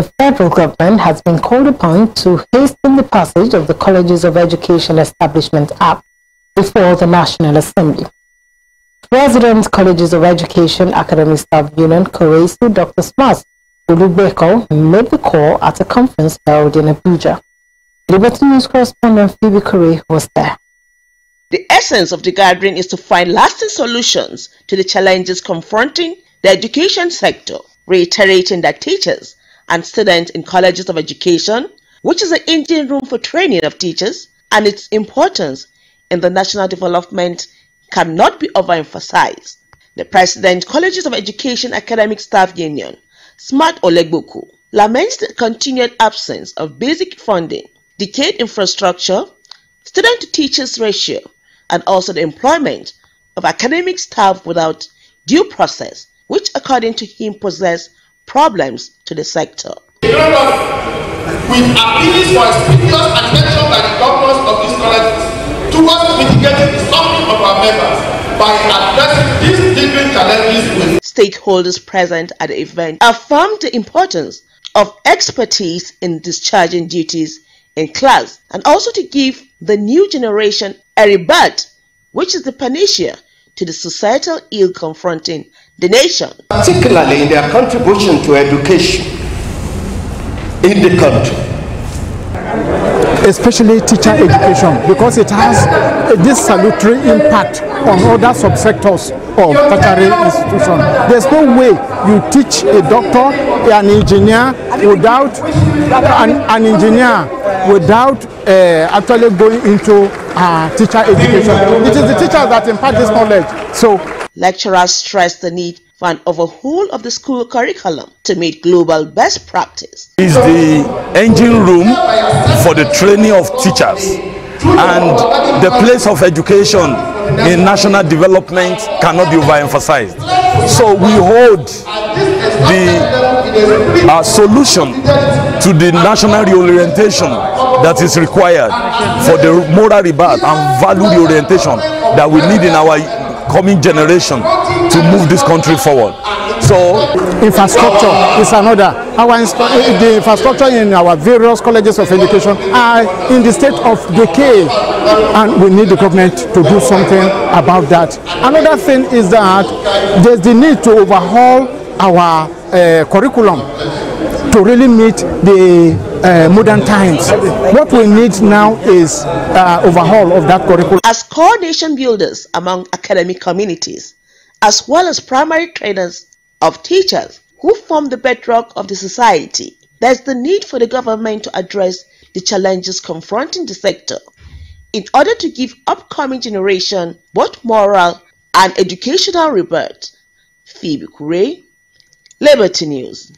the federal government has been called upon to hasten the passage of the Colleges of Education Establishment Act before the National Assembly. President Colleges of Education Academic Staff Union Koresu Dr. Smas Ulubeko made the call at a conference held in Abuja. Liberty News correspondent Phoebe Corey was there. The essence of the gathering is to find lasting solutions to the challenges confronting the education sector, reiterating that teachers and students in colleges of education, which is an engine room for training of teachers, and its importance in the national development cannot be overemphasized. The president, Colleges of Education Academic Staff Union, Smart Olegboku, laments the continued absence of basic funding, decayed infrastructure, student to teachers ratio, and also the employment of academic staff without due process, which according to him possess problems to the sector. with appeals for attention by the governors of these colleges towards mitigating the suffering of our members by addressing these different challenges with stakeholders present at the event affirmed the importance of expertise in discharging duties in class and also to give the new generation a rebut, which is the panacea to the societal ill confronting the nation. Particularly in their contribution to education in the country. Especially teacher education because it has this salutary impact on other subsectors of tertiary institution. There's no way you teach a doctor, an engineer, without an, an engineer, without uh, actually going into uh, teacher education. It is the teachers that impart this knowledge. So Lecturers stress the need for an overhaul of the school curriculum to meet global best practice. It's the engine room for the training of teachers and the place of education in national development cannot be overemphasized. So we hold the uh, solution to the national reorientation that is required for the moral rebirth and value reorientation that we need in our coming generation to move this country forward. So infrastructure is another. Our eh, eh, the infrastructure in our various colleges of education are in the state of decay and we need the government to do something about that. Another thing is that there's the need to overhaul our uh, curriculum to really meet the uh, modern times. What we need now is uh, overhaul of that curriculum. As coordination builders among academic communities, as well as primary trainers of teachers who form the bedrock of the society, there's the need for the government to address the challenges confronting the sector in order to give upcoming generation both moral and educational rebirth. Phoebe Kure, Liberty News.